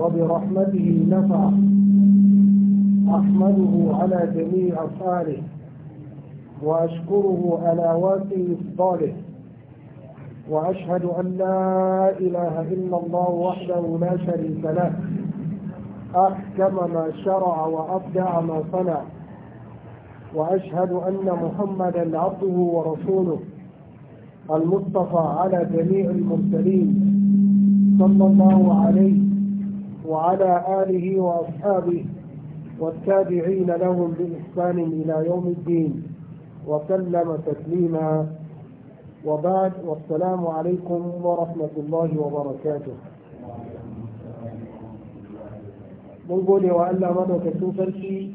وبرحمته نفع أحمده على جميع أفعاله وأشكره على واسع إفضاله وأشهد أن لا إله إلا الله وحده لا شريك له أحكم ما شرع وأبدع ما صنع وأشهد أن محمدا عبده ورسوله المصطفى على جميع المرسلين صلى الله عليه وعلى آله وأصحابه والتابعين لهم بإحسان إلى يوم الدين وسلم تسليما وبعد والسلام عليكم ورحمة الله وبركاته من قول وألا مدى كسوفر في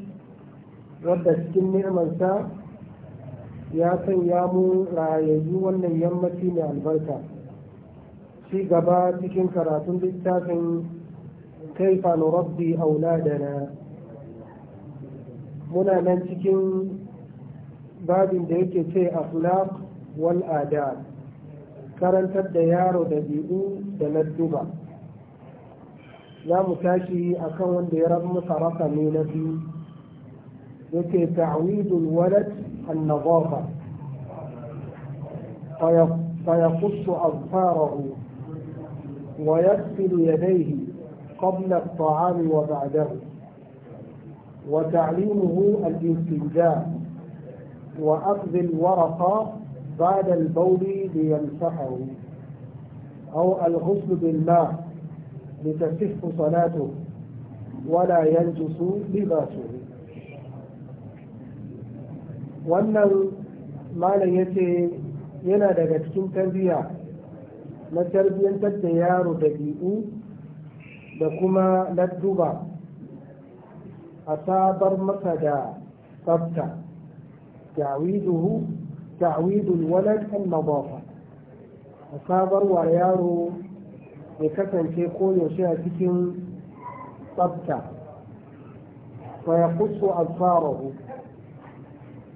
رب السن نعمة سا يا سيام لا يجو أن يمتي من البركة في قبات كنكرات للتاسم كيف نربي أولادنا منا ننتكين باب ديك في أخلاق والآداب كانت الديار دبيئو دمدبا لا متاشي أكون ديرب مصرفة من نبي يكي تعويد الولد النظافة فيقص أظفاره ويغسل يديه قبل الطعام وبعده وتعليمه الاستنجاء وأخذ الورقة بعد البول ليمسحه أو الغسل بالماء لتكف صلاته ولا ينجس لباسه wannan malam ya ce yana daga cikin tarbiyya na tarbiyyantar da yaro da kuma ladduba a sabar masa da tsafta ta'widuhu ta'widul walad an nadafa a sabar wa yaro ya kasance ko koyaushe a cikin tsafta fa ya kusu alfarahu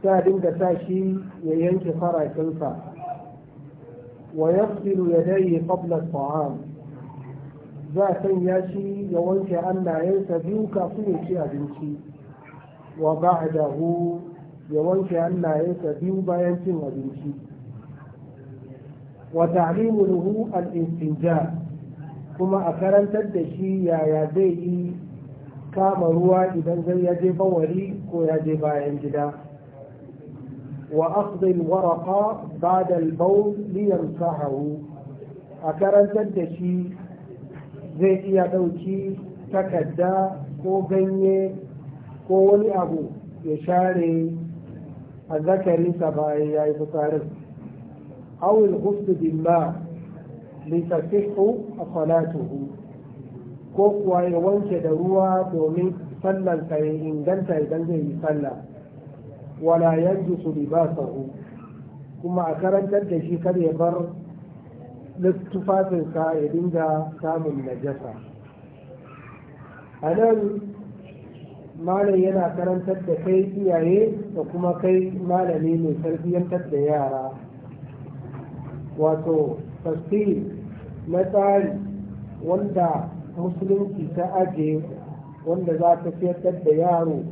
ta dinga sa shi ya yanke farakinsa wa yafsilu yadayhi qabla at-ta'am za a sanya shi ya wanke hannayensa biyu kafin ya ci abinci wa ba'dahu ya wanke hannayensa biyu bayan cin abinci wa ta'limuhu al-istinja kuma a karantar da shi yaya zai yi kama ruwa idan zai ya je bawari ko ya je bayan gida wa akhdhi al-waraqa ba'da al-bawl li a karantar da shi zai iya ɗauki takarda ko ganye ko wani abu ya share a zakarinsa bayan ya yi fitsarin awil hufdu dimba, litasihu a salatuhu ko kuwa ya wanke da ruwa domin sallansa ya inganta idan zai yi sallah wala yanzu su libasahu kuma a karantar da shi kar ya bar na tufafinsa ya dinga samun najasa a nan malam yana karantar da kai iyaye da kuma kai malami mai tarbiyyantar da yara wato tasiri na tsari wanda musulunci ta aje wanda za ta fiyatar da yaro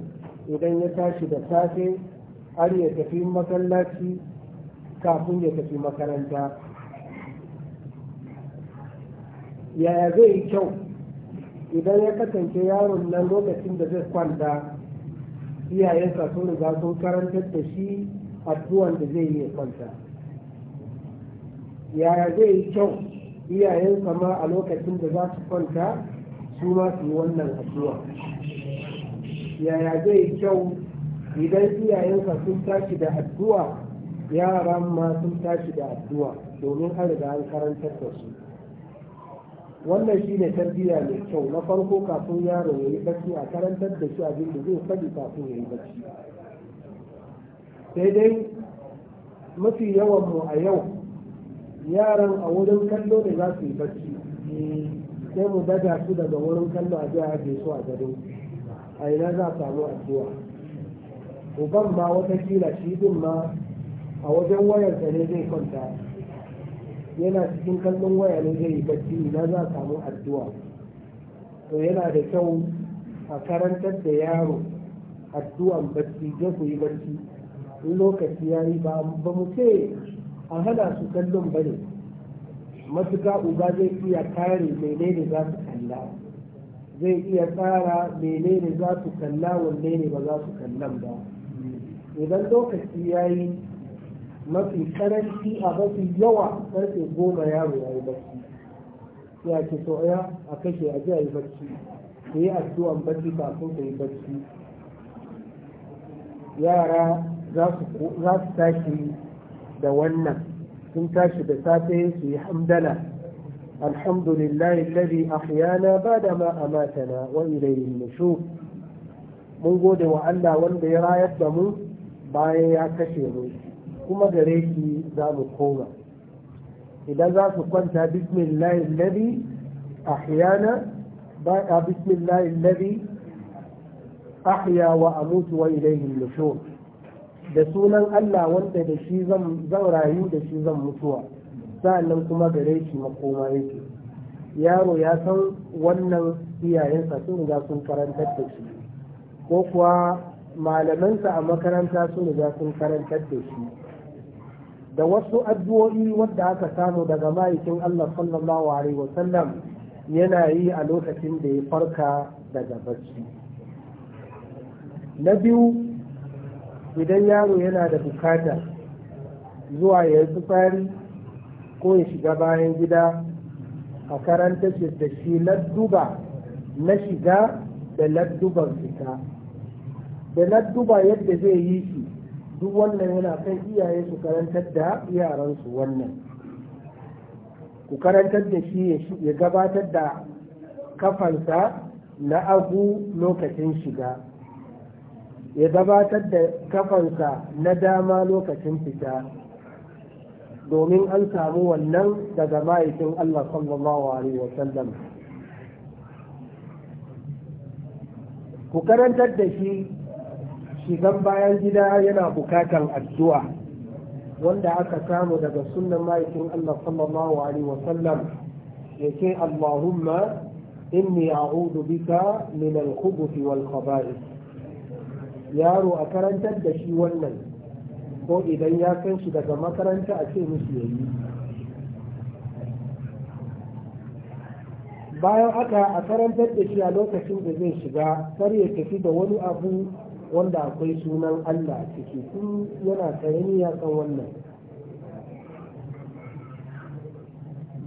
idan ya tashi da safe har ya tafi masallaci kafin ya tafi makaranta yaya zai yi kyau idan ya kasance yaron nan lokacin da zai kwanta iyayensa sun riga sun karantar da shi addu'an da zai yi kwanta yaya zai yi kyau iyayensa ma a lokacin da za su kwanta su ma su yi wannan addu'a yaya zai yi kyau idan iyayensa sun tashi da addu'a yaran ma sun tashi da addu'a domin an riga an karantar da su wannan shi ne tarbiyya mai kyau na farko kafin yaro ya yi bacci a karantar da shi abin da zai faɗi kafin ya yi bacci sai dai mafi yawan mu a yau yaran a wurin kallo ne za su yi bacci sai mu daga su daga wurin kallo a jiya ajiye su a gado a ina za a samu addu'a uban ma wata kila shi din ma a wajen wayarsa ne zai kwanta yana cikin kallon waya ne zai yi bacci na za a samu addu'a to yana da kyau a karantar da yaro addu'an bacci zai ku yi bacci in lokaci ya yi ba mu ce a hana su kallon ba ne matuka uba zai iya kare menene za su kalla zai iya tsara menene za su kalla wanne ne ba za su kallan ba idan lokaci ya yi mafi karanci a mafi yawa karfe goma yaro ya yi barci sai a ce soya a kashe a ji a yi barci ku yi addu'an barci kafin ku yi barci yara za su tashi da wannan sun tashi da safe su yi hamdala alhamdulillahi alladhi ba bada ma amatana wa ilayhi mun gode wa Allah wanda ya rayar da mu bayan ya kashe mu kuma gare shi za mu koma idan za su kwanta bismillahi alladhi ahyana ba a bismillahi alladhi ahya wa amutu wa ilayhi nushur da sunan Allah wanda da shi zan rayu da shi zan mutuwa sa'annan kuma gare shi makoma yake yaro ya san wannan iyayensa sun riga sun karantar da shi ko kuwa malamansa a makaranta sun riga sun karantar da shi da wasu addu'o'i wadda aka samu daga ma'aikin Allah sallallahu alaihi wasallam yana yi a lokacin da ya farka daga barci. Na biyu idan yaro yana da bukata zuwa ya yi tsari ko ya shiga bayan gida a karanta da shi ladduba na shiga da ladduban fita. Da ladduba yadda zai yi shi duk wannan yana kan iyaye su karantar da yaransu wannan ku karantar da shi ya gabatar da kafansa na abu lokacin shiga ya gabatar da kafansa na dama lokacin fita domin an samu wannan daga ma'aikin Allah sallallahu alaihi wasallam ku karantar da shi shigan bayan gida yana bukatan addu'a wanda aka samu daga sunan ma'aikin Allah sallallahu alaihi wasallam ya ce Allahumma inni a'udu bika min al khubuthi wal khaba'ith yaro a karantar da shi wannan ko idan ya san shi daga makaranta a ce mishi yayi bayan aka a karantar da shi a lokacin da zai shiga kar ya tafi da wani abu wanda akwai sunan Allah ciki tun yana karami ya kan wannan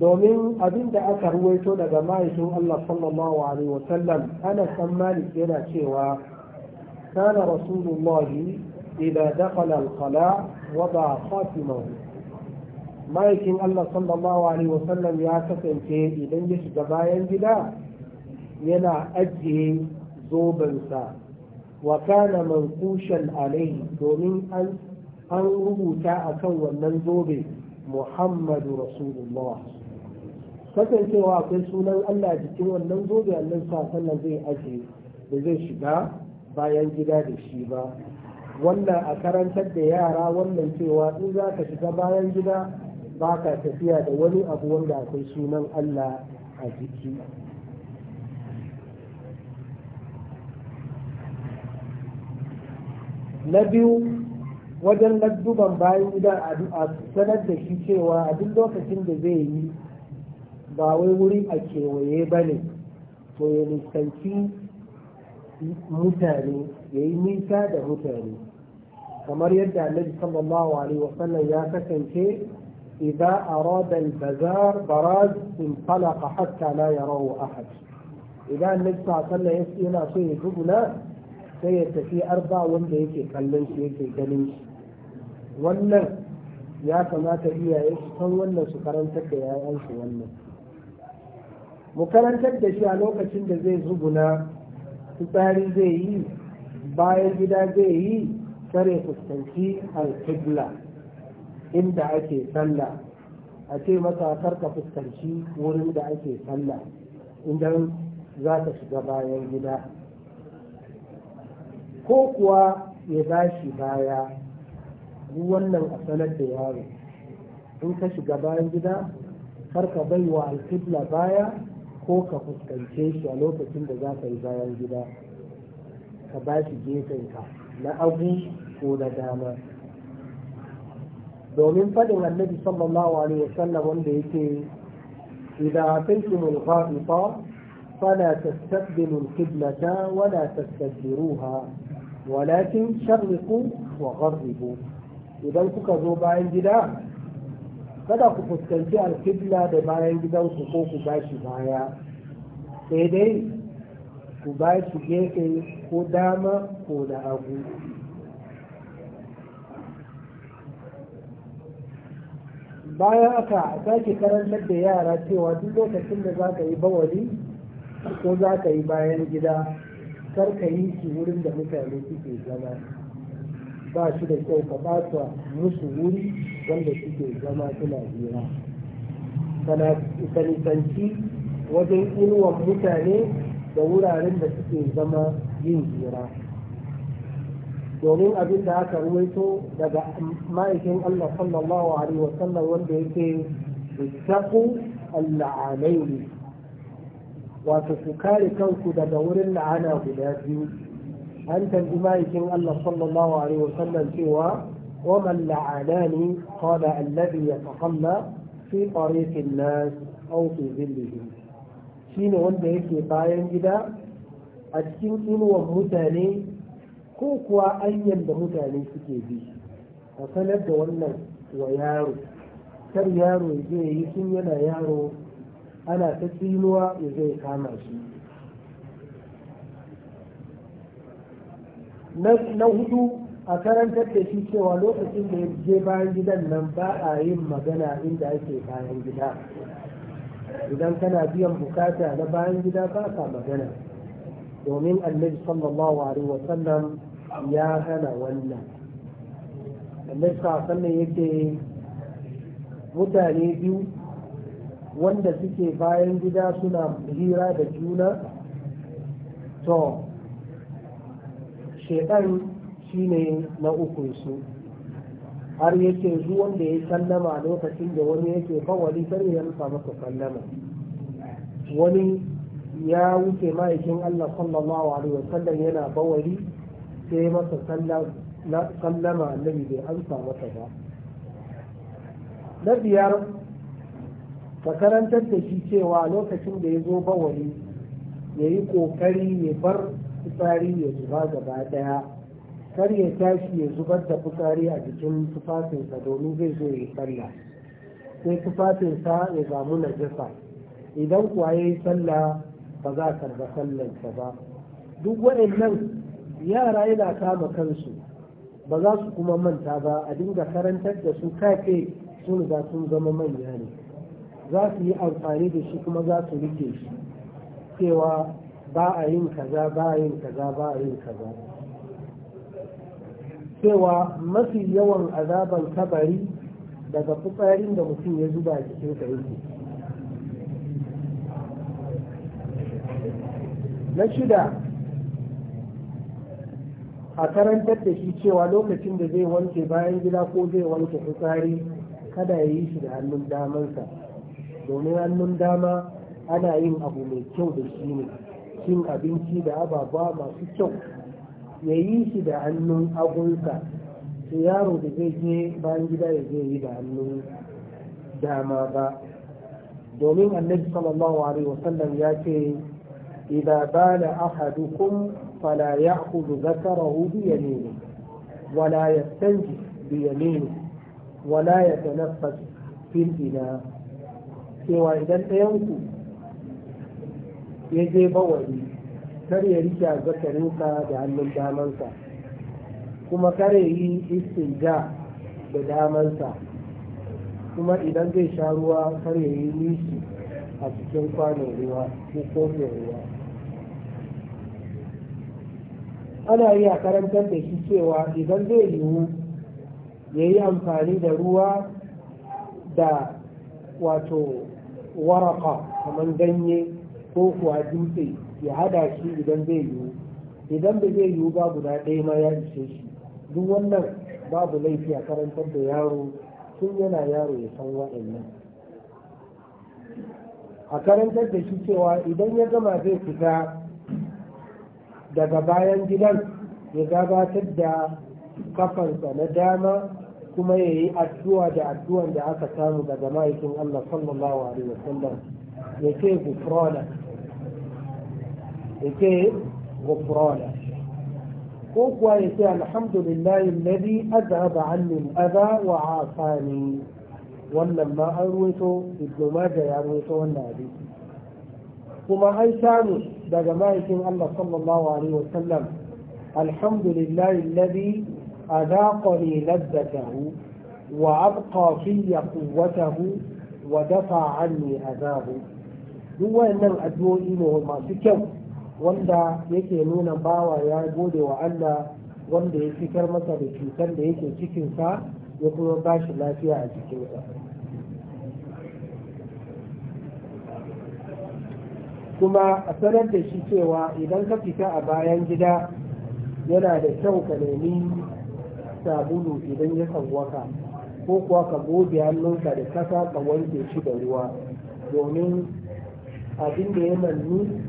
domin abin da aka ruwaito daga ma'aikin Allah sallallahu alaihi Sallam. ana san malik yana cewa kana rasulullahi idan dakhala al wa da Fatima, ma'aikin Allah sallallahu alaihi Sallam ya kasance idan ya shiga bayan gida yana ajiye sa. wa kana manqushan alaihi domin an rubuta rubuta akan wannan zobe muhammadu rasulullah kasancewa akwai sunan allah jikin wannan zobe allah sa sannan zai aje da zai shiga bayan gida da shi ba wannan a karantar da yara wannan cewa in za ka shiga bayan gida ba ka tafiya da wani abu wanda akwai sunan allah a jiki na biyu wajen ladduban bayan gida a sanar da shi cewa a duk lokacin da zai yi ba wai wuri a kewaye ba ne to ya nisanci mutane ya yi nisa da mutane kamar yadda annabi sallallahu alaihi wasallam ya kasance إذا أراد البزار براز انطلق حتى لا يراه أحد إذا النبي صلى الله عليه وسلم يسئل شيء جبنا sai ya tafi arba wanda yake kallon shi yake ganin shi wannan ya kamata iyaye su san wannan su karantar da yayan su wannan mu karantar da shi a lokacin da zai zuguna fitsari zai yi bayan gida zai yi tsare fuskanci alkibla inda ake sallah a ce masa karka fuskanci wurin da ake sallah idan za ka shiga bayan gida ko kuwa ya bashi baya duk wannan a sanar da yaro in ka shiga bayan gida kar ka bai wa alkibla baya ko ka fuskance shi a lokacin da za ka yi bayan gida ka ba shi ka na abu ko na dama domin faɗin annabi sallallahu alaihi wasallam wanda yake إذا أتيتم الغائط فلا تستقبلوا القبلة ولا tastajiruha walakin sharriku wa gharribu idan kuka zo bayan gida kada ku fuskanci alkibla da bayan gidanku ko ku bashi baya sai dai ku bashi gefe ko dama ko da hagu bayan aka sake karantar da yara cewa duk lokacin da za ka yi bawali ko za ka yi bayan gida kar ka yi shi wurin da mutane suke zama ba shi da kyau ka ɓata musu wuri wanda suke zama suna hira ka wajen inuwan mutane da wuraren da suke zama yin hira domin abin da aka ruwaito daga ma'aikin Allah sallallahu alaihi wasallam wanda yake da al-la'alaini wato ku kare kanku daga wurin la'ana guda biyu an tambi ma'aikin Allah sallallahu alaihi wasallam cewa ومن لعانني قال الذي يتخلى في طريق الناس أو في ظلهم شين wanda yake bayan gida a cikin inuwar mutane ko kuwa anyan da mutane suke bi a sanar da wannan wa yaro kar yaro zai yi tun yana yaro ana ta tsinuwa ya zai kama shi na hudu a karantar da shi cewa lokacin da ya je bayan gidan nan ba a yin magana inda ake bayan gida idan kana biyan bukata na bayan gida ba ka magana domin annabi sallallahu alaihi sallam ya hana wannan annabi sallallahu alaihi yake mutane biyu wanda suke bayan gida suna hira da juna to shi ne na uku su har yake zuwan da ya sallama lokacin da wani yake kawali kar ya rufa masa sallama wani ya wuce ma'aikin Allah sallallahu alaihi sallam yana bawari sai masa sallama annabi bai amsa masa ba na biyar ka da shi cewa lokacin da ya zo bawali ya yi ƙoƙari ya bar fitsari ya zuba gaba ɗaya kar ya tashi ya zubar da fitsari a jikin tufafinsa domin zai zo ya sallah sai tufafinsa ya zamu na najasa idan kuwa ya yi sallah ba za a karba sallansa ba duk waɗannan yara yana kama kansu ba za su kuma manta ba a dinga karantar da su kafe sun riga sun zama manya ne za su yi amfani da shi kuma za su rike shi cewa ba a yin kaza ba a yin kaza ba a yin kaza cewa mafi yawan azaban kabari daga fitsarin da mutum ya zuba a cikin sa yake na shida a karantar da shi cewa lokacin da zai wanke bayan gida ko zai wanke fitsari kada ya yi shi da hannun damansa domin hannun dama ana yin abu mai kyau da shi ne cin abinci da ababa masu kyau ya yi shi da hannun agunsa yaro da zai je bayan gida ya zai yi da hannun dama ba domin annabi sallallahu alaihi wasallam ya ce إذا بال أحدكم فلا يأخذ ذكره canji ولا يستنجي بيمينه ya ina cewa idan ɗayanku ya je bawari kar ya rike zakarinsa da hannun damansa kuma kar ya yi istinja da damansa kuma idan zai sha ruwa kar ya yi nishi a cikin kwanon ruwa ko kofin ruwa ana iya karantar da shi cewa idan zai yiwu ya yi amfani da ruwa da wato waraka kamar ganye ko kuwa dutse ya hada shi idan zai yiwu idan da zai yiwu ba guda ɗaya ma ya ishe shi duk wannan babu laifi a karantar da yaro tun yana yaro ya san waɗannan a karantar da shi cewa idan ya gama zai fita daga bayan gidan ya gabatar da kafansa na dama kuma ya yi addu'a da addu'an da aka samu daga ma'aikin Allah sallallahu alaihi wasallam ya ke gufrana ya ke gufrana ko kuwa ya ce alhamdulillah alladhi azhaba anni al-adha wa afani wannan ma an ruwaito ibnu majah ya ruwaito wannan hadisi kuma an samu daga ma'aikin Allah sallallahu alaihi wasallam alhamdulillah alladhi أذاقني لذته وأبقى في قوته ودفع عني أذاه هو addu'o'i الأدوء masu kyau, wanda yake nuna bawa ya gode wa Allah wanda ya fitar masa da cutar da yake cikinsa ya kuma ba shi lafiya a cikinsa. kuma a sanar da shi cewa idan ka fita a bayan gida yana da kyau ka nemi sabulu idan ya waka ko kuwa ka goge hannunka da kasa ka wanke shi da ruwa domin abin da ya manni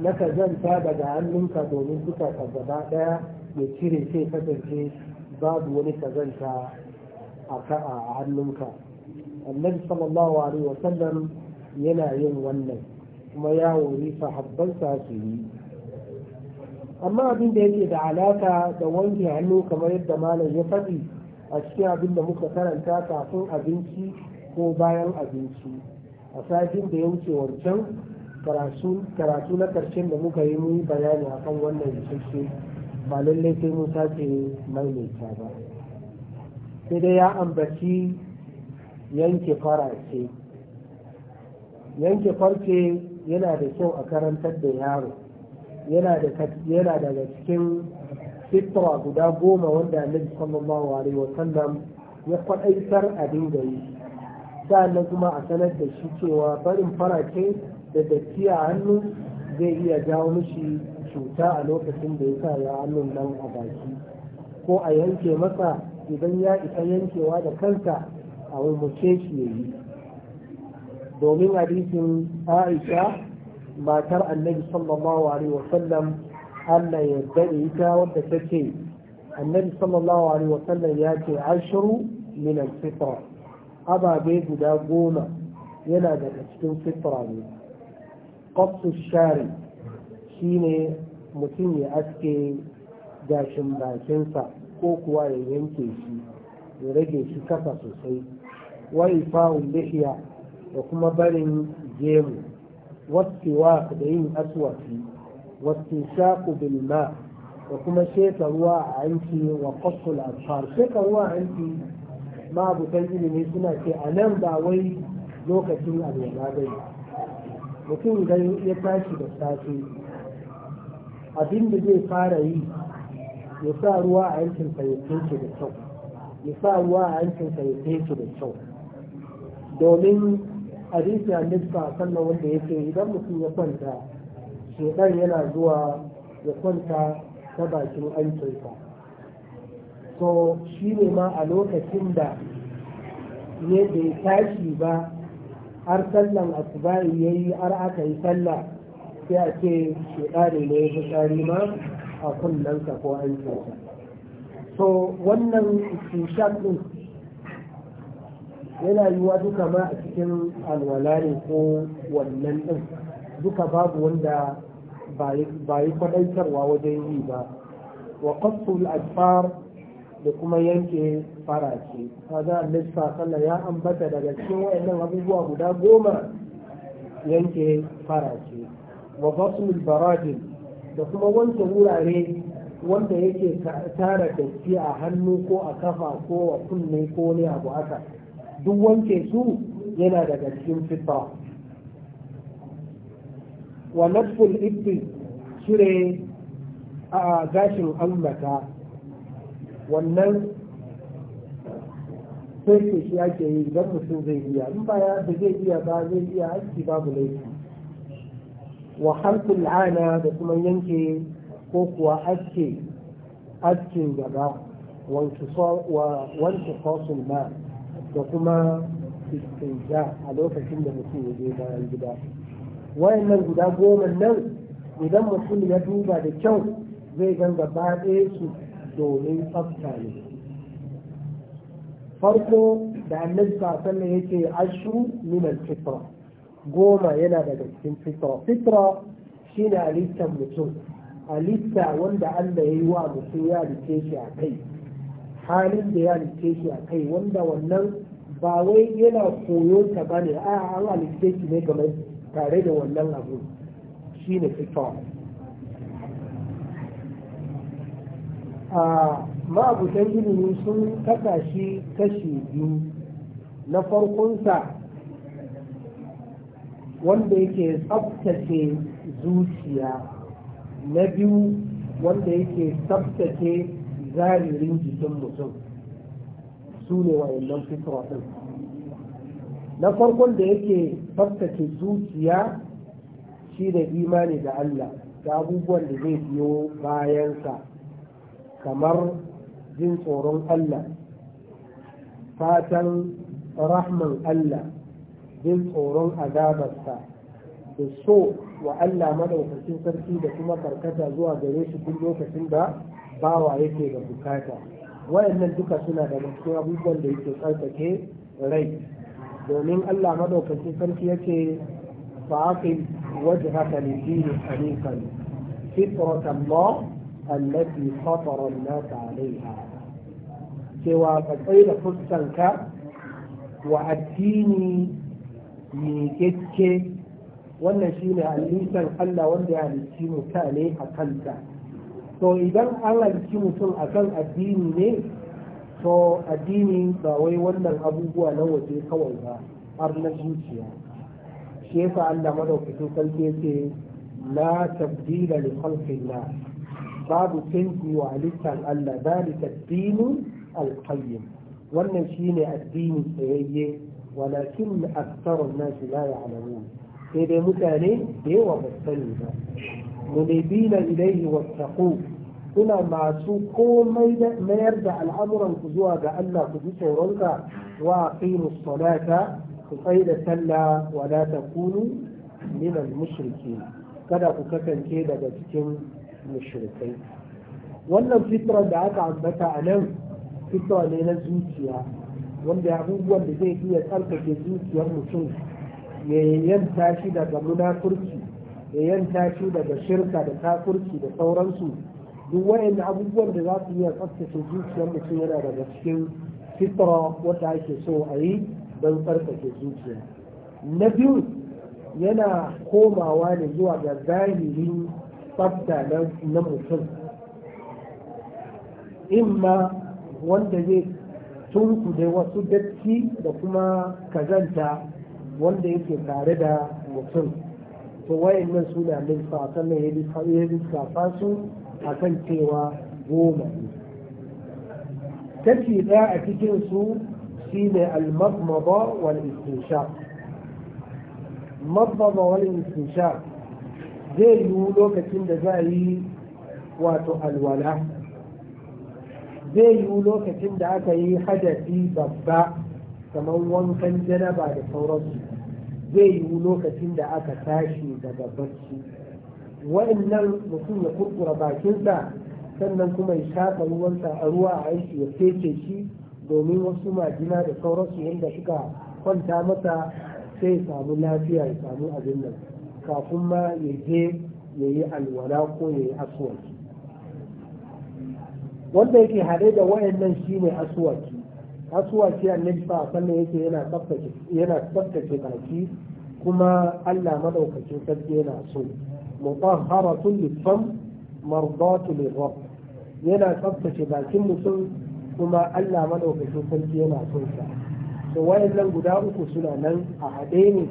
na ka zanta daga hannunka domin duka ka gaba daya ya cire sai kasance babu wani ka zanta a a hannunka annabi sallallahu alaihi wasallam yana yin wannan kuma ya wuri sahabban sa yi amma abin da yake da alaka da wanke hannu kamar yadda malam ya faɗi a cikin abin da muka karanta kafin abinci ko bayan abinci a satin da ya wuce wancan karatu na karshen da muka yi muni bayani akan wannan isasshe ba lallai sai mun sake maimaita ba sai dai ya ambaci yanke farce. yanke farce yana da kyau a karantar da yaro yana daga cikin fitra guda goma wanda annabi sallallahu alaihi wasallam ya kwadaitar a dinga yi na kuma a sanar da shi cewa barin farace da datti a hannu zai iya jawo mishi cuta a lokacin da ya sa ya hannun nan a baki ko a yanke masa idan ya isa yankewa da kansa a wani shi ya yi domin hadisin aisha matar annabi sallallahu alaihi wasallam Allah ya dade ita wanda take annabi sallallahu alaihi wasallam ya ce ashiru min al-fitra ababe guda goma yana daga cikin fitra ne qatsu shari shine mutum ya aske gashin bakinsa ko kuwa ya yanke shi ya rage shi kasa sosai wa ifa'ul lihiya da kuma barin gemu والسواك da أسوكي والتنشاق بالماء وكما شيك روا عنك وقص a شيك روا عنك ما أبو تنجل من سنة ba wai lokacin alwala mutum idan ya tashi da safe abin da zai fara yi ya sa ruwa a yankin ya sa da kyau domin hadisi a sannan wanda ya yake idan mutum ya kwanta ɗan yana zuwa ya kwanta ta bakin aikinsa to shi ne ma a lokacin da ne bai tashi ba har sallan asuba'i ya yi har aka yi sallah sai a ce shekari ne ya tsari ma a kunnansa ko aikinsa so wannan shushan ɗin yana yiwuwa duka ma a cikin alwalari ko wannan ɗin duka babu wanda ba yi kwaɗaitarwa wajen yi ba wa qasul alfar da kuma yanke farace a lissa sallallahu ya ambata daga cikin wayannan abubuwa guda goma yanke farace wa qasul baradin da kuma wanke wurare wanda yake tara datti a hannu ko a kafa ko a kunne ko ne abu haka duk wanke su yana daga cikin fitra wa nadful ibti cire a gashin ambata wannan sai shi ake yi idan mutum zai iya in baya da zai iya ba zai iya aiki babu laifi wa harkul ana da kuma yanke ko kuwa aske askin gaba wanke kosun ma da kuma istinja a lokacin da mutum ya je bayan gida wayannan guda goma nan idan mutum ya duba da kyau zai gan gaba ɗaya su domin tsafta ne farko da annabi sallallahu yake ashu min fitra goma yana daga cikin fitra fitra shine halittar mutum halitta wanda Allah ya yi wa mutum ya halitte shi a kai halin da ya halitte shi a kai wanda wannan ba wai yana koyo ta ba ne a an halitta shi ne game tare da wannan abu shi ne fitowa a ma'abutan ilimi sun kasa shi kashi biyu na farkonsa wanda yake tsabtace zuciya na biyu wanda yake tsabtace zaririn jikin mutum su ne wa'annan fitra na farkon da yake tsaftace zuciya shi da imani da Allah da abubuwan da zai biyo bayansa kamar jin tsoron Allah fatan rahman Allah jin tsoron azabarsa da so wa Allah madaukakin sarki da kuma karkata zuwa gare shi duk lokacin da bawa yake da bukata. wayannan duka suna da cikin abubuwan da yake tsarkake rai domin Allah madaukakin sarki yake fa'aqi wajhaka lid-din hanifan fitrat Allah allati fatara an-nas 'alayha cewa ka tsaye da fuskanka wa addini miƙeƙe wannan shine halittar Allah wanda ya halicci mutane a kanta to idan an halicci mutum akan addini ne to addini ba wai wannan abubuwa na waje kawai ba har na zuciya shi yasa Allah madaukakin sarki yake la tabdila li na. babu canji wa halittar Allah zalika dinu alqayyim wannan shine addini tsayayye walakin aktsarun nas la ya'lamun sai dai mutane da yawa ba sani ba munibina ilaihi wattaqu kuna masu komai mayar da al'amuran ku zuwa ga Allah ku ji tsoronka wa aqimu salata ku tsai da sallah wa la takunu min kada ku kasance daga cikin mushrikai wannan fitra da aka ambata a nan fitra ne na zuciya wanda abubuwan da zai iya tsarkake zuciyar mutum ya yanta shi daga munafurci da yanta shi daga shirka da kafurci da sauransu duk waɗanda abubuwan da za su iya tsaftace zuciyar mutum yana daga cikin fitra wata ake so a yi don tsarkake zuciya na biyu yana komawa ne zuwa ga zahirin tsafta na mutum imma wanda zai tunku da wasu datti da kuma kazanta wanda yake tare da mutum to wayan nan suna lissafa sannan ya lissafa su a kan cewa goma ne kashi ɗaya a cikin su shi ne al-mazmada wal istinshaq mazmada wal istinshaq zai yiwu lokacin da za a yi wato alwala zai yiwu lokacin da aka yi hadafi babba kamar wankan janaba da sauransu zai yiwu lokacin da aka tashi daga barci wa'annan mutum ya kurkura bakinsa sannan kuma ya shafa ruwansa a ruwa a aiki ya fece shi domin wasu majina da sauransu yadda suka kwanta masa sai ya samu lafiya ya samu abin nan kafin ma ya je ya yi alwala ko ya yi aswaki wanda yake haɗe da shi shine aswaki aswaki annabi fa sallan yake yana tsaftace baki kuma Allah madaukakin sarki yana so mutahharatun lifam mardatu lirabb yana tsaftace bakin mutum kuma Allah madaukakin sarki yana son sa to wayannan guda uku suna nan a haɗe ne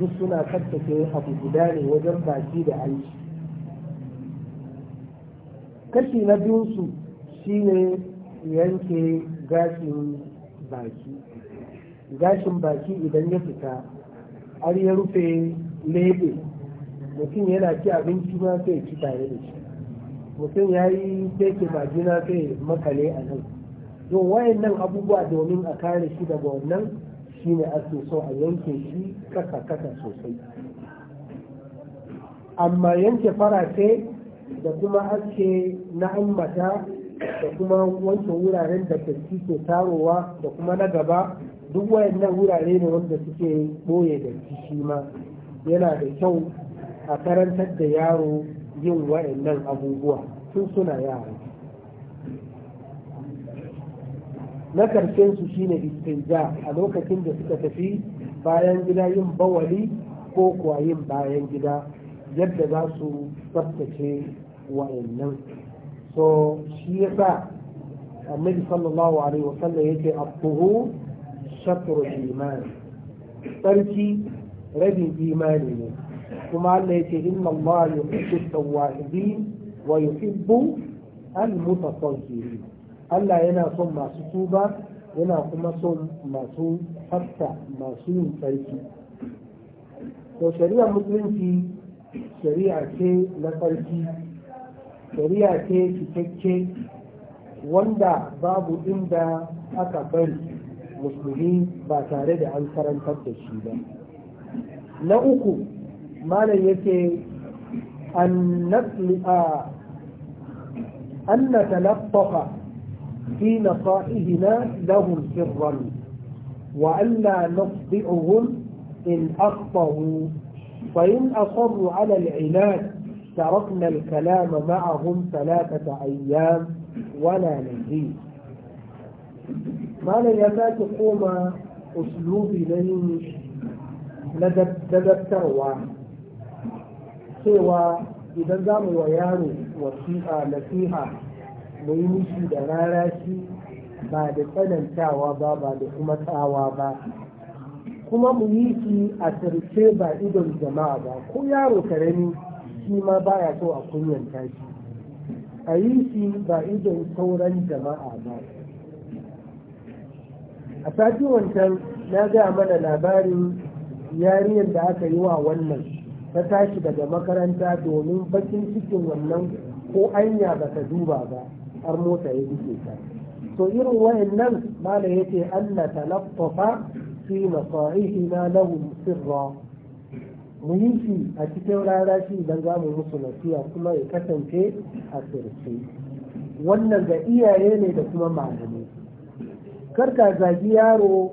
duk suna tsaftace abu guda ne wajen baki da aiki kashi na biyun su shine yanke gashin baki gashin baki idan ya fita har ya rufe lebe mutum yana ci abinci ma sai ci tare da shi mutum ya yi keke majina sai makale a nan don wayan nan abubuwa domin a kare shi daga wannan shi ne ake so a yanke shi kasa kasa sosai amma yanke farace da kuma aske na ammata da kuma wanke wuraren da ke tarowa da kuma na gaba duk wayannan wurare ne wanda suke ɓoye da shi ma yana da kyau a karantar da yaro yin wayannan abubuwa tun suna yara na karshen su shine istinja a lokacin da suka tafi bayan gida yin bawali ko kuwa yin bayan gida yadda za su tsaftace wa'annan so shi yasa annabi sallallahu alaihi wasallam yake afuhu shatrul iman tsarki rabin imani ne kuma Allah yake inna Allah yuhibbu tawwabin wa yuhibbu al-mutatahhirin Allah yana son masu tuba yana kuma son masu tsafta masu yin tsarki to shari'a musulunci shari'a ce na tsarki shari'a ce cikakke wanda babu inda aka bari مسلمي باتارد عن da فرد الشيبة da shi ba na أن malam آه، أن نتلطف في نصائحنا لهم سرا وأن لا نصدعهم إن أخطأوا فإن أصروا على العناد تركنا الكلام معهم ثلاثة أيام ولا نزيد malam ya sake koma uslubi na yin ladabtarwa cewa idan za mu wa yaro na nasiha mu yi mishi da rara shi ba da tsanantawa ba ba da kuma tsawa ba kuma mu yi shi a sarce ba idon jama'a ba ko yaro karami shi ma baya so a kunyanta shi a yi shi ba idon sauran jama'a ba a sati wancan na gaya mana labarin yariyar da aka yi wa wannan ta tashi daga makaranta domin bakin cikin wannan ko anya ba ta duba ba har mota ya duke ta to irin wayannan mala yace Allah talaffafa fi na lahum sirra mu yi shi a cikin rara shi idan za mu musu nasiya kuma ya kasance a sirce wannan ga iyaye ne da kuma malamai karka zagi yaro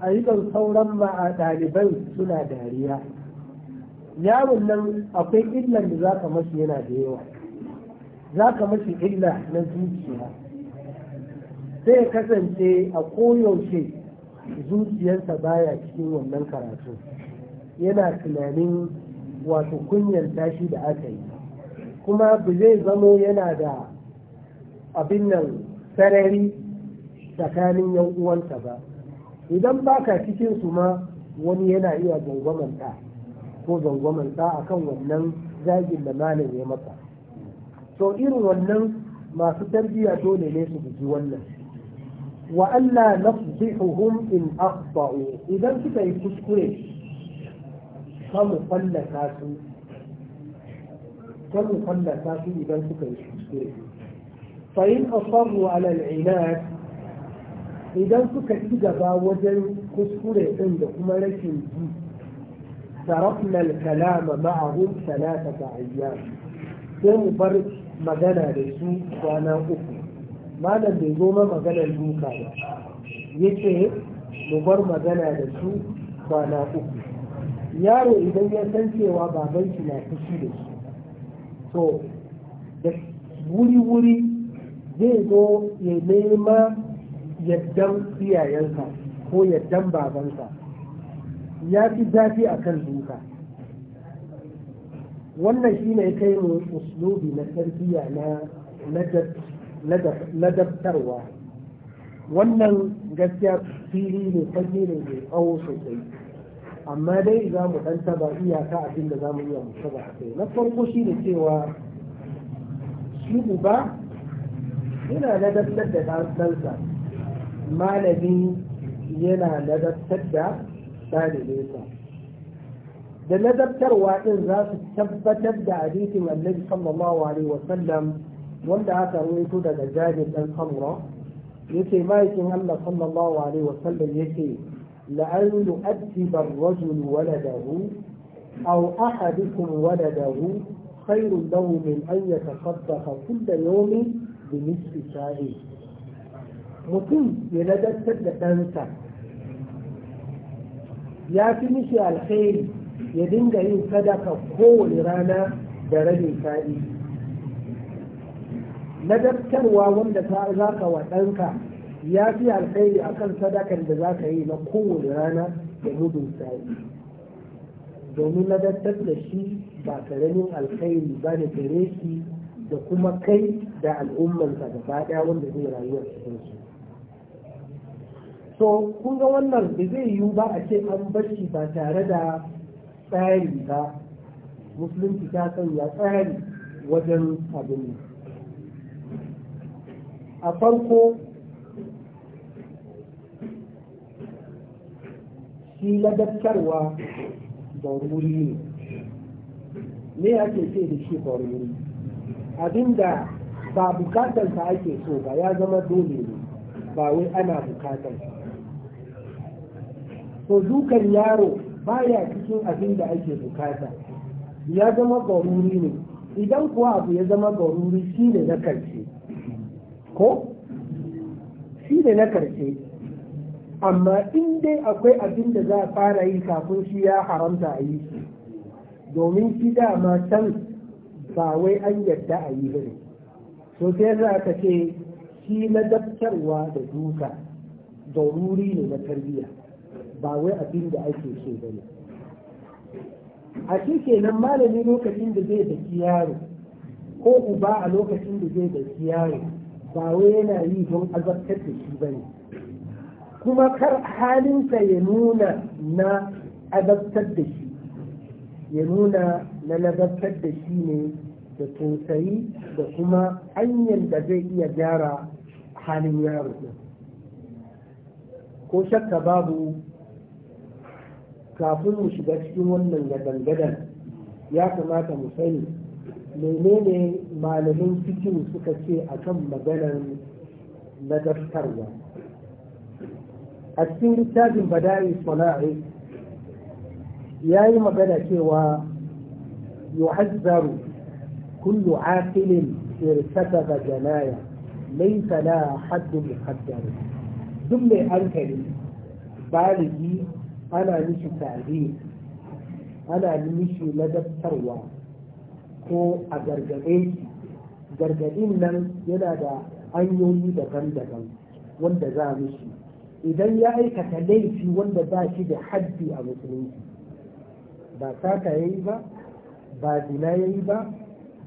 a yi sauran a ɗaliban suna dariya yaron nan akwai illan da za ka mashi yana da yawa za ka mashi illa na zuciya sai ya kasance a koyaushe zuciyarsa baya cikin wannan karatu yana tunanin wato kunyan tashi da aka yi kuma ba zai zamo yana da abin nan sarari tsakanin yan uwanka ba idan baka cikin su ma wani yana iya zangwamanta ko zangwamanta akan wannan zagin da malam ya masa to irin wannan masu tarbiyya dole ne su guji wannan wa Allah nafsihuhum in aqta'u idan suka yi kuskure kamu fallaka su kamu fallaka su idan suka yi kuskure fa in asarru ala al'inat idan suka ci gaba wajen kuskure ɗin da kuma rashin ji sarafna al-kalama ma'ahum ta ayyam sai mu bar magana da su kwana uku malam bai zo ma maganar duka ba yace mu bar magana da su kwana uku yaro idan ya san cewa baban shi na fushi da shi to da wuri-wuri zai zo ya nema yaddan iyayensa ko yaddan babansa ya fi zafi a kan duka wannan shi ne kai mu uslubi na tarbiyya na daftarwa wannan gaskiya fili ne fage ne mai tsawo sosai amma dai za mu ɗan taba iyaka abin da za mu iya mu taba a na farko shi ne cewa shi uba yana ladabtar da ɗansa malami yana ladabtar da ɗalibinsa da ladabtarwa ɗin za su tabbatar da hadisin annabi sallallahu alaihi wasallam wanda aka rawaito daga jabir dan samura yace ma'aikin Allah sallallahu alaihi wasallam yace la'an yu'addiba ar-rajul waladahu aw ahadukum waladahu خير له من أن يتصدق كل يوم بنصف ساعه mutum ya nadartar da ɗansa ya fi mishi alkhairi ya dinga yin sadaka kowane rana da rabin sa'i nadartarwa wanda za ka wa ɗanka ya fi alkhairi akan sadakar da za ka yi na kowane rana da mudun sa'i domin nadartar da shi ba karamin alkhairi ba da gare shi da kuma kai da al'ummansa gaba ɗaya wanda zai rayuwa cikin su to kun ga wannan da zai yiwu ba a ce an barci ba tare da tsari ba musulunci ta sanya tsari wajen abin a farko shi ladabtarwa wuri ne me ake ce da shi wuri? abinda ba bukatansa ake so ba ya zama dole ne ba wai ana bukatar to dukan yaro baya cikin abin da ake bukata ya zama garuri ne idan kuwa abu ya zama garuri shi ne na karshe ko shi ne na karshe amma in dai akwai abin da za a fara yi kafin shi ya haramta a yi shi domin shi dama can ba wai an yadda a yi bane so sai za ka ce shi na dabtarwa da duka garuri ne na tarbiyya ba wai abin da ake so ba ne a kenan malami lokacin da zai da yaro ko uba a lokacin da zai da yaro ba wai yana yi don azabtar da shi ba ne kuma kar halinsa ya nuna na azabtar da shi ya nuna na nazartar da shi ne da tausayi da kuma hanyar da zai iya gyara halin yaro ko shakka babu kafin mu shiga cikin wannan gadangadan ya kamata mu sani menene malamin cikin suka ce a kan maganar nagartarwa a cikin littafin bada'i sana'i ya yi magana cewa yuhazzaru kullu aqilin ga janaya mai la haddun muqaddar duk mai hankali baligi ana mishi tare ana mishi ladabtarwa ko a gargaɗe shi gargaɗin nan yana da hanyoyi daban-daban wanda za mishi idan ya aikata laifi wanda ba shi da haddi a musulunci ba Saka ya yi ba ba zina ya yi ba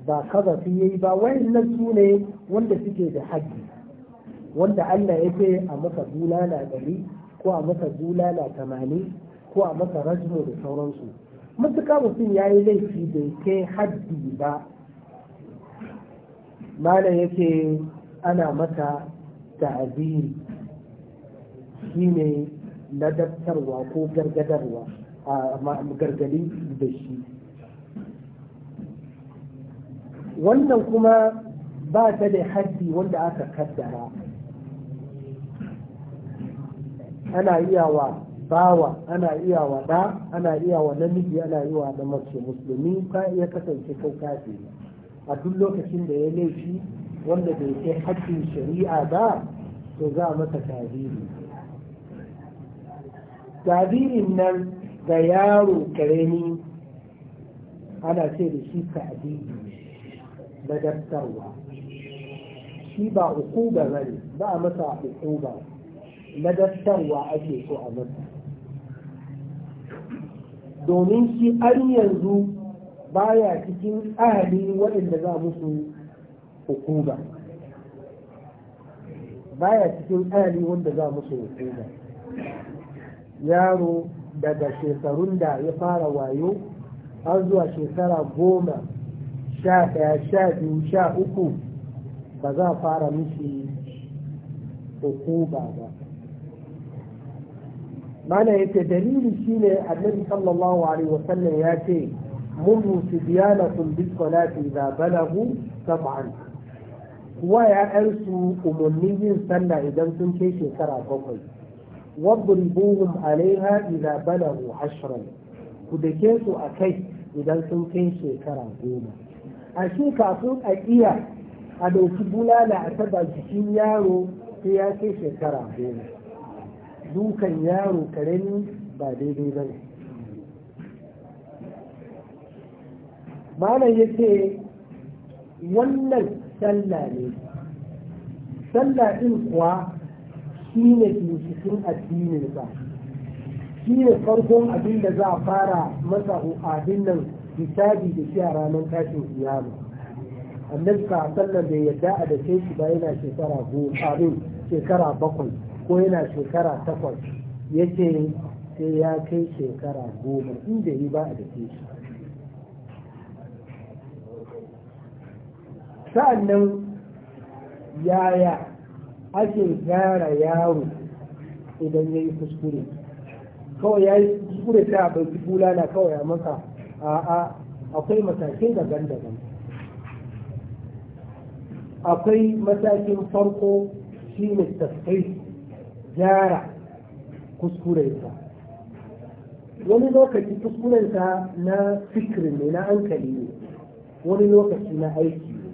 ba kazafi ya yi ba wayannan su ne wanda suke da haddi wanda Allah ya ce a maka bulala gari ko a masa bulala tamanin ko a masa rajmo da sauransu matuka mutum ya yi laifi da kai haddi ba mana yake ana mata ta'aziri shine daftarwa ko gargadarwa a gargadi da shi wannan kuma ba ta da haddi wanda aka kaddara ana iya wa bawa ana iya wa da ana iya wa namiji ana iya wa da mace musulmi ka iya kasance ko kafiri a duk lokacin da ya laifi wanda bai kai hakkin shari'a ba to za a masa tabiri tabirin nan ga yaro karemi ana ce da shi ta'adili na daftarwa shi ba uku ba ne ba a masa uku ba ladabtarwa ake so a nan domin shi an yanzu baya cikin ahali waɗanda za musu hukuma baya cikin ahali wanda za musu hukuma yaro daga shekarun da ya fara wayo har zuwa shekara goma sha ɗaya sha biyu sha uku ba za fara mishi hukuma ba mana yace dalili shine annabi sallallahu alaihi wasallam ya ce murru sibyanakum bis salati idza balagu sab'an wa ya umarnin yin sallah idan sun kai shekara bakwai buhun alaiha idza balagu ashirin ku dake su a kai idan sun kai shekara goma a shi kafin a iya a ɗauki bulala a taba jikin yaro sai ya kai shekara goma dukan yaro karami ba daidai ba ne malam ya ce wannan sallah ne sallah ɗin kuwa shi ne ginshikin addini ba shi ne farkon abin da za a fara masa abin nan hisabi da shi a ranar tashin kiyama annabi ka sallar da yadda a da shi ba yana shekara goma abin shekara bakwai ko yana shekara takwas ya ce sai ya kai shekara goma inda yi ba a da ke shi sa'annan yaya ake gyara yaro idan ya yi kuskure kawai ya yi kuskure ta abinci na kawai a maka a'a akwai matakin daban-daban akwai matakin farko shi ne gyara kuskurensa wani lokaci kuskurensa na fikiri ne na hankali ne wani lokaci na aiki ne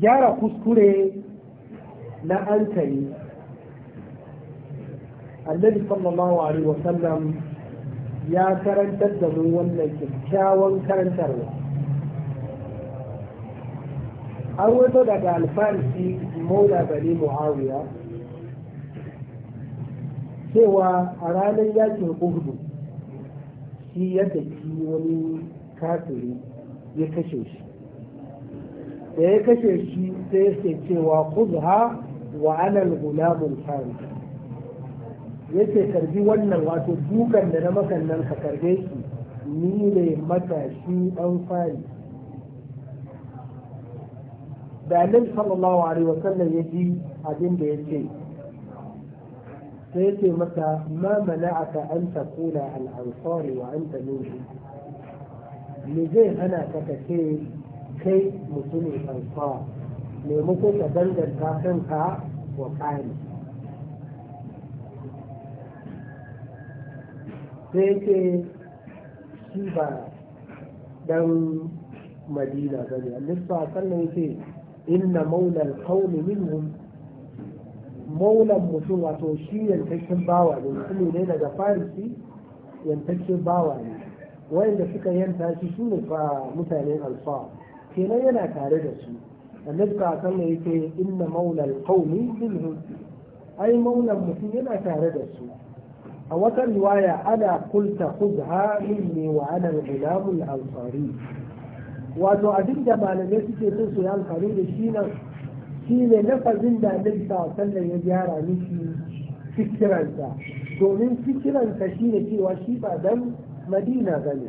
gyara kuskure na hankali annabi sallallahu alaihi wasallam ya karantar da mu wannan kyakkyawan karantarwa an wato daga alfarisi maula bani muawiya cewa a ranar yakin uhudu shi ya daki wani kafiri ya kashe shi da ya kashe shi sai yake cewa kuzha wa anal gulamun Ya ce karbi wannan wato dukan da na makannan ka karbe shi ni ne matashi dan fari da annabi sallallahu alaihi wasallam ya ji abin da ya ce sai ce masa ma mana'aka an taqula al ansari wa anta minhu me zai hana ka ka ce kai mutumin ansar maimakon ka danganta kanka wa kani sai ce shi ba dan madina ba ne annisa sannan yake inna maulal qawmi minhum maulan mutum wato shi yantaccen bawa ne mutum ne daga farisi yantaccen bawa ne wayanda suka yanta shi su ne fa mutanen alfa kenan yana tare da su annabi ka san ne yake inna maulal qaumi bil ai maulan mutum yana tare da su a wata riwaya ana kulta khudha minni wa ana al-ghulam al-ansari wato abin da malamai suke son su yi alfahari da shi nan shi ne lafazin da annabi sallallahu ya gyara miki fikiransa domin fikiransa shi ne cewa shi ba dan madina ba ne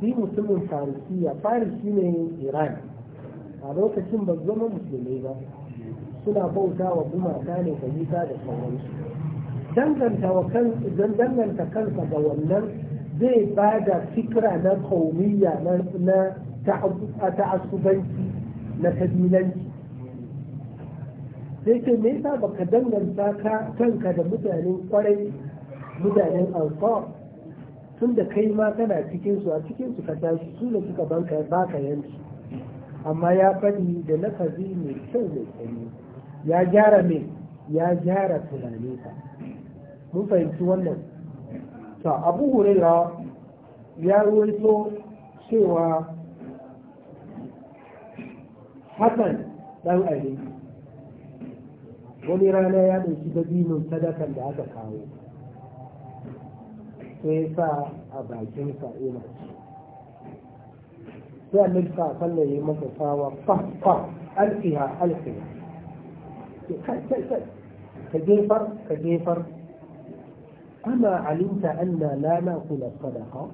shi musulmin farisiya farisi ne iran a lokacin ba zama musulmai ba suna bauta wa gumaka ne da nisa da sauransu danganta kansa ga wannan zai ba da fikira na kaumiyya na ta'assubanci na kabilanci sai ce me yasa baka danganta ka kanka da mutanen kwarai mutanen ansar tun da kai ma kana cikin su a cikin su ka tashi su ne suka banka baka yanci amma ya faɗi da nakazi mai kyau mai tsari ya gyara me ya gyara tunani ka mun fahimci wannan to abu huraira ya ruwaito cewa hakan ɗan aiki wani rana ya ɗauki dabinin sadakan da aka kawo sai sa a bakin sa ina sai annabi sa sallan yi masa sawa fa fa alfiha alfiha ka jefar ka jefar أما علمت أن لا نأكل الصدقة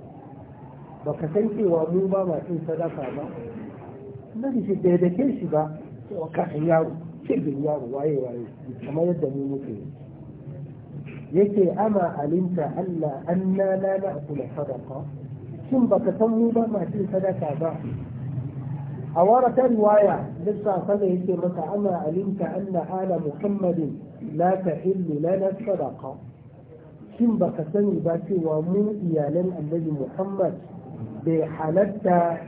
وكسنتي وأموما ما تنسى صدقة ما ما في الدهدكيش بقى وكحياو cibin yaro waye waye kamar yadda mu muke yake ama alimta Allah anna la na'kula sadaqa shin baka san mu ba ma cin sadaka ba a ta riwaya lissa sada yake maka ama alimta anna ala muhammadin la tahillu lana sadaqa shin baka sani ba cewa mu iyalan annabi muhammad bai halatta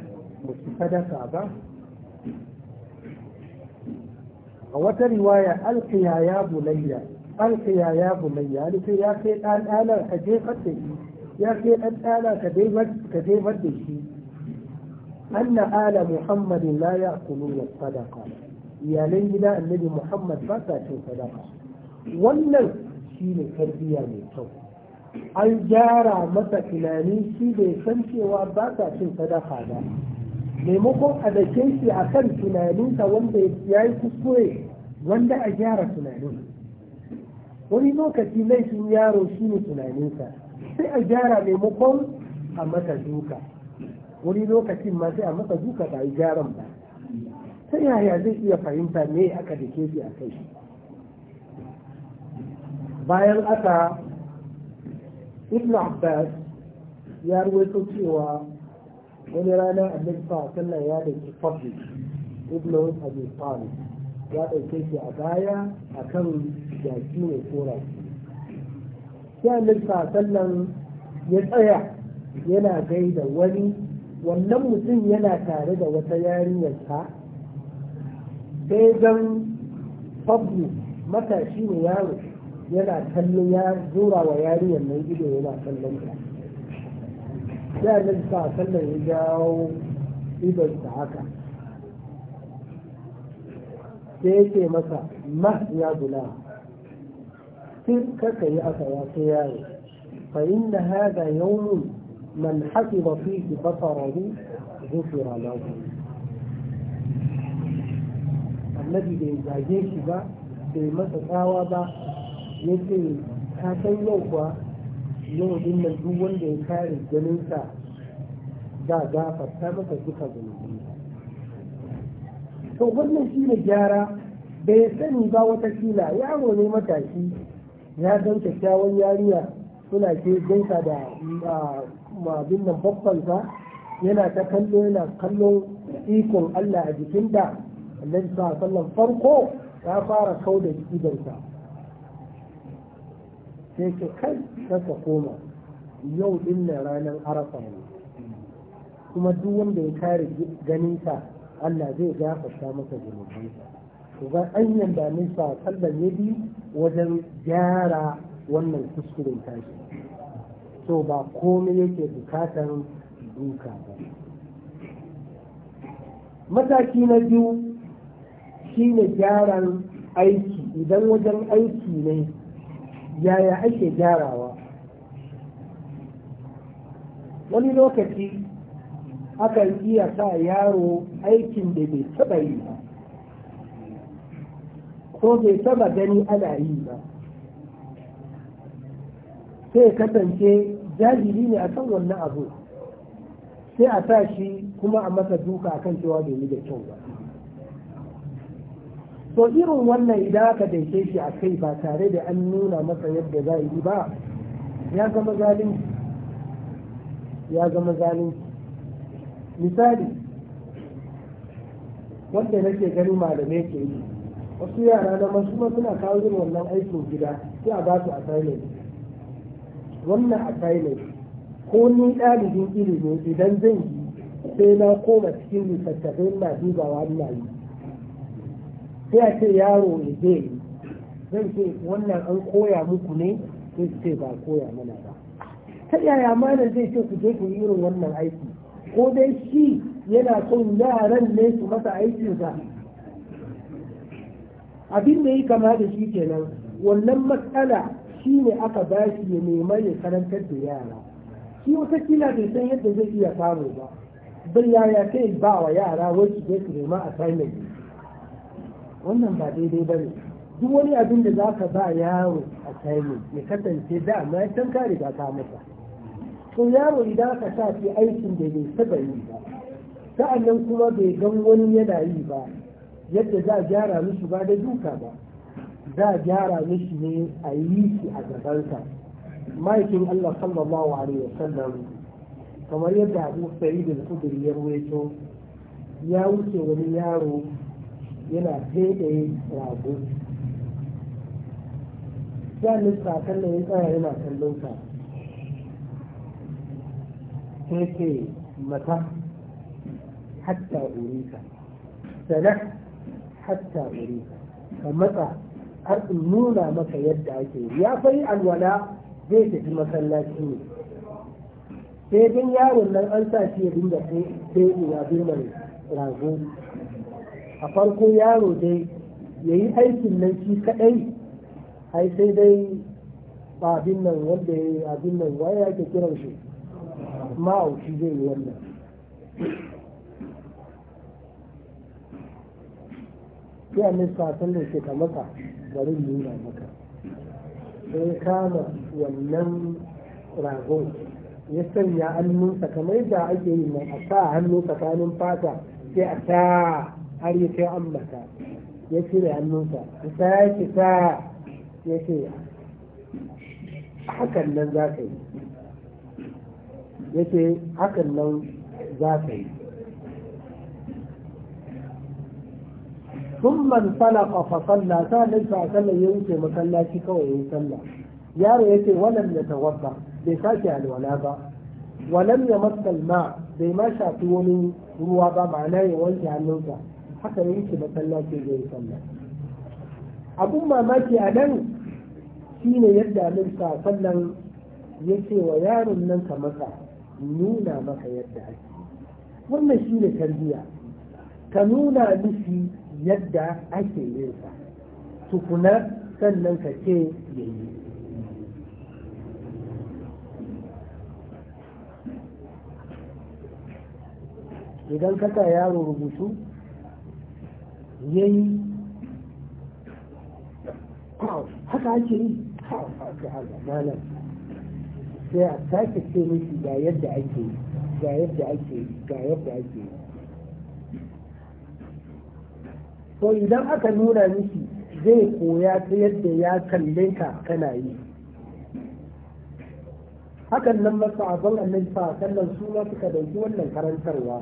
mu sadaka ba a wata riwaya alkiya ya bulayya alkiya ya bulayya nufin ya kai ɗanɗana ka jefar da shi ya kai ɗanɗanar ka jefar da shi أن آل محمد لا يأكلون الصدقة iyalan gida annabi muhammad ba sa cin sadaka wannan shi ne tarbiyya mai kyau an gyara masa tunani shi bai san cewa ba sa cin sadaka ba maimakon a dake shi a kan tunaninsa wanda ya yi kuskure wanda a gyara tunanin wani lokaci laifin yaro shi ne tunaninsa sai a gyara maimakon a masa duka wani lokacin ma sai a masa duka ba yi gyaran ba ta yaya zai iya fahimta me aka da shi a kai bayan aka ibn abbas ya ruwaito cewa wani rana annabi sa sallan ya dauki fadli ibn abi talib ya dauke shi a baya akan jaki ne kora sai annabi sa sallan ya tsaya yana gaida wani wannan mutum yana tare da wata yarinyarsa sai zan fadli matashi ne yaro yana kallon ya zura wa yarinyar nan ido yana kallon ta sai annabi sa ya jawo idon ta haka sai ce masa ma ya gula tun kaka yi aka ya sai yi fa inna hada yawmun man hafiza fihi basarahu ghufira lahu annabi bai zage shi ba bai masa tsawa ba yace ka san yau kuwa yau din nan duk wanda ya kare ganinsa za a gafarta masa duka zunubi to wannan shi ne gyara da ya sani ba wata kila yaro ne matashi ya gan kyakkyawan yariya suna ke gaisa da abin nan babbansa yana ta kallo yana kallon ikon Allah a jikin da annabi sallallahu farko ya fara kau da sai ce kai ka koma yau din ranar arafa ne kuma duk wanda ya kare ganinsa Allah zai gafarta maka zunubi to ga anyan da nisa sallan ya bi wajen gyara wannan kuskuren tashi to ba komai yake bukatan duka ba mataki na biyu shine gyaran aiki idan wajen aiki ne yaya ake gyarawa wani lokaci akan iya sa yaro aikin da bai taɓa yi ba ko bai taɓa gani ana yi ba sai kasance jahili ne akan wannan abu sai a sa shi kuma a masa duka akan cewa bai yi da kyau ba to irin wannan idan aka daike shi a kai ba tare da an nuna masa yadda za yi ba ya zama zalunci ya zama zalunci misali wanda nake gani malamai ke yi wasu yara na masu suna kawo yin wannan aikin gida sai a ba su assignment wannan assignment ko ni ɗalibin ilimi idan zan yi sai na koma cikin littattafai na dubawa ina yi sai ce yaro ya je zan ce wannan an koya muku ne sai su ce ba koya mana ba ta yaya malam zai ce ku je ku yi irin wannan aiki ko dai shi yana son yaran ne su masa aikinsa abin da yi kama da shi kenan wannan matsala shi ne aka ba shi ya nema ya karantar da yara shi wata kila bai san yadda zai iya samu ba bai yaya sai ba wa yara wacce zai su nema assignment wannan ba daidai ba ne duk wani abin da za ka ba yaro a kayan ya kasance da amma ya san kare ga ka masa to yaro idan ka sa shi aikin da bai saba yi ba sa'annan kuma bai gan wani yana yi ba yadda za a gyara mishi ba da duka ba za a gyara mishi ne a yi shi a gabansa ma'aikin Allah sallallahu alaihi wasallam kamar yadda Abu Sa'id al-Khudri ya ya wuce wani yaro yana fede rago jami'in kakan da ya tsaya yana kallon ka mata hatta urika sana hatta urika ka matsa har in nuna maka yadda ake ya fari alwala zai tafi masallaci ne sai bin yaron nan an sa shi ya dinga sai sai ya bin mai rago a farko yaro dai ya yi aikin nan shi kaɗai ai sai dai ba abin nan wanda ya yi abin nan waya ake kiran shi ma'auci zai yi wannan sai ne nisa da ke maka bari nuna maka sai kama wannan ragon ya sanya hannunsa kamar yadda ake yi mai a sa hannu tsakanin fata sai a ta har yi kai ambata ya cire hannunsa ya sake sa ya ce hakan nan za ka yi ya ce hakan nan za ka yi ثم انطلق ya wuce masallaci kawai ya yi sallah. yaro ya ce walam ya tawabba bai sake alwala ba walam ya matsal ma bai ma shafi wani ruwa ba ma'ana ya wanke hannunsa haka yake masallaci zai sallah abun mamaki a nan shine yadda min sallan ya ce wa yaron nan ka masa nuna maka yadda ake wannan shine tarbiyya ka nuna nufi yadda ake yin sa tukuna sannan ka ce ya yi idan kasa yaro rubutu ya yi haka ake yi sai a sake ce miki ga yadda ake yi ga yadda ake yi ga yadda ake yi to idan aka nuna miki zai koya ta yadda ya kalle ka kana yi hakan nan masu abin annabi sa sannan su ma suka dauki wannan karantarwa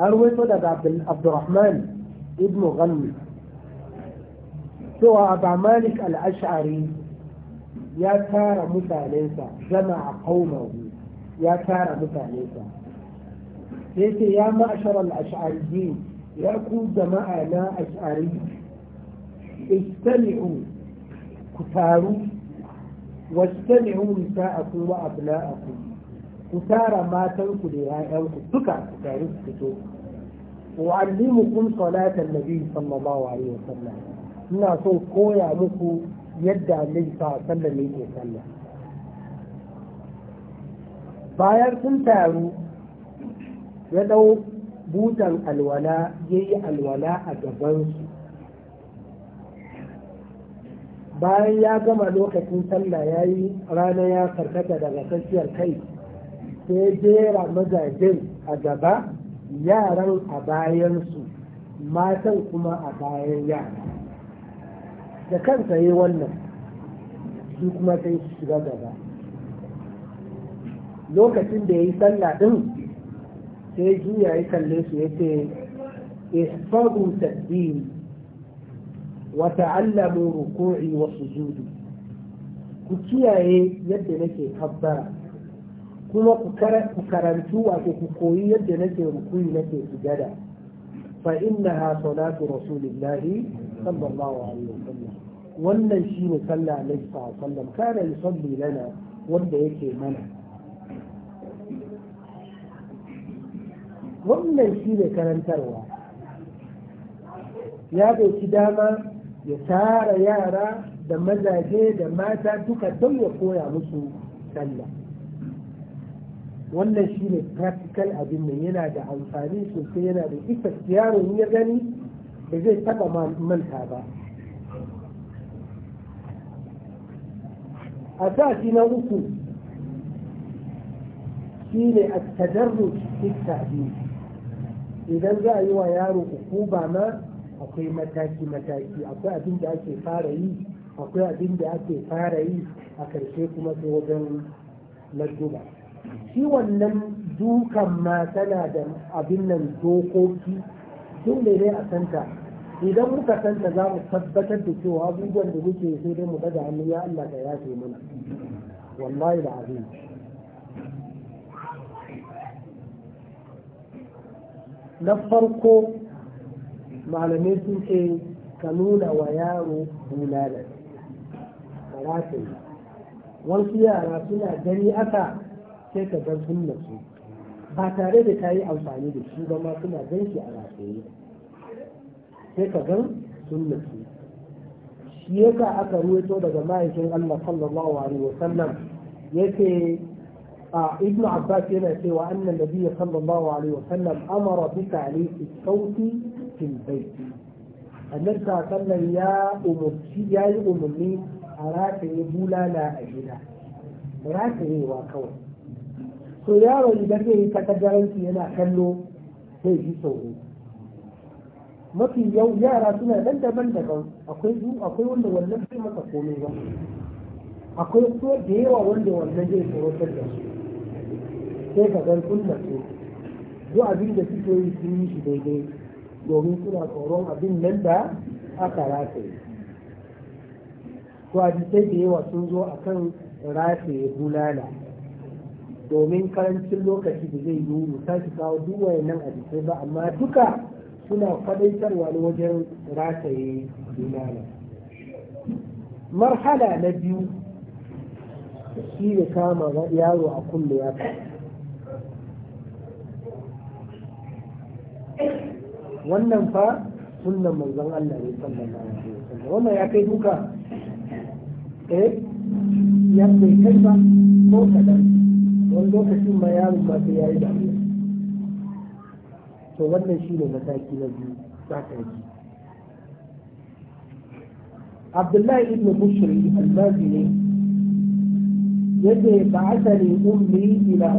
أرويته لدى عبد الرحمن ابن غني سوى أبا مالك الأشعري يا تارى متعليسة جمع قومه يا تارى متعليسة يتي يا معشر الأشعريين يا كو جماعنا أشعري استمعوا كتاروا واستمعوا نساءكم وأبناءكم ku tara matanku da ‘ya'yanku duka tare su fito wa allimukum salatan nabi sallallahu alaihi wa sallam ina so koya muku yadda annabi sallallahu alaihi sallan sallah bayan sun taru ya dau butan alwala ya yi alwala a gabansu bayan ya gama lokacin sallah ya yi rana ya karkata daga tsakiyar kai sai jera mazajen a gaba yaran a bayansu matan kuma a bayan yara da kansa yi wannan shi kuma sai su shiga gaba lokacin da ya yi sallah ɗin sai juya ya kalle su ya ce ihfadu tasbih wa ta'allamu ruku'i wa sujudi ku kiyaye yadda nake kabbara kuma ku karantu wato ku koyi yadda nake rukuyi nake sujada fa innaha salatu rasulillahi sallallahu alaihi wasallam wannan shine sallah alaihi sallam, kana yusalli lana wanda yake mana wannan shine karantarwa ya ɗauki dama ya tara yara da mazaje da mata duka don ya koya musu sallah wannan shi ne practical abin nan yana da amfani sosai yana da ita yaron ya gani da zai taba manta ba a sashi na uku shi ne a tadarru cikin idan za a yi wa yaro uku ba ma akwai mataki-mataki akwai abin da ake fara yi akwai abin da ake fara yi a karshe kuma sai wajen larduba. shi wannan dukan ma tana da abin nan dokoki da ne a santa idan muka santa za mu tabbatar da cewa abubuwan da muke sai dai mu daga hannu ya Allah ka ce mana wallahi da abin na farko malamai sun ce ka nuna wa yaro bulalar da wasu yara suna gani aka sai ka bar sunna su ba tare da ta yi amfani da shi ba ma suna gan shi a rataye sai ka gan sunna su shi ya sa aka ruwaito daga ma'aikin Allah sallallahu alaihi ya yake a Ibn abbas yana cewa annan nabiyyi sallallahu alaihi wasallam amara bi ta'liqi sauti fil bayt annar ta sallan ya umurci ya yi umarni a rataye bulala a gida rataye wa kawai to yaro idan zai yi takaddaranci yana kallo zai ji sauri mafi yau yara suna dan daban daban akwai zu akwai wanda wannan zai masa komai ba akwai so da yawa wanda wannan zai tsorotar da su sai ka gan kunna su zo abin da suke yi sun yi shi daidai domin suna tsoron abin nan da aka rataye to a da yawa sun zo akan rataye bulala domin karancin lokaci da zai yi mu sake kawo nan a hadisai ba amma duka suna faɗaitarwa ne wajen rataye imani marhala na biyu shi da kama yaro a kulle ya wannan fa sunnan manzon Allah ne sallallahu alaihi wasallam wannan ya kai duka eh ya kai kai ba ko kadan wani lokacin ma yaron ba sai ya yi damu to wannan shi ne mataki na biyu sakarki abdullahi ibn bushri albazi ne yadda ba asali ummi ila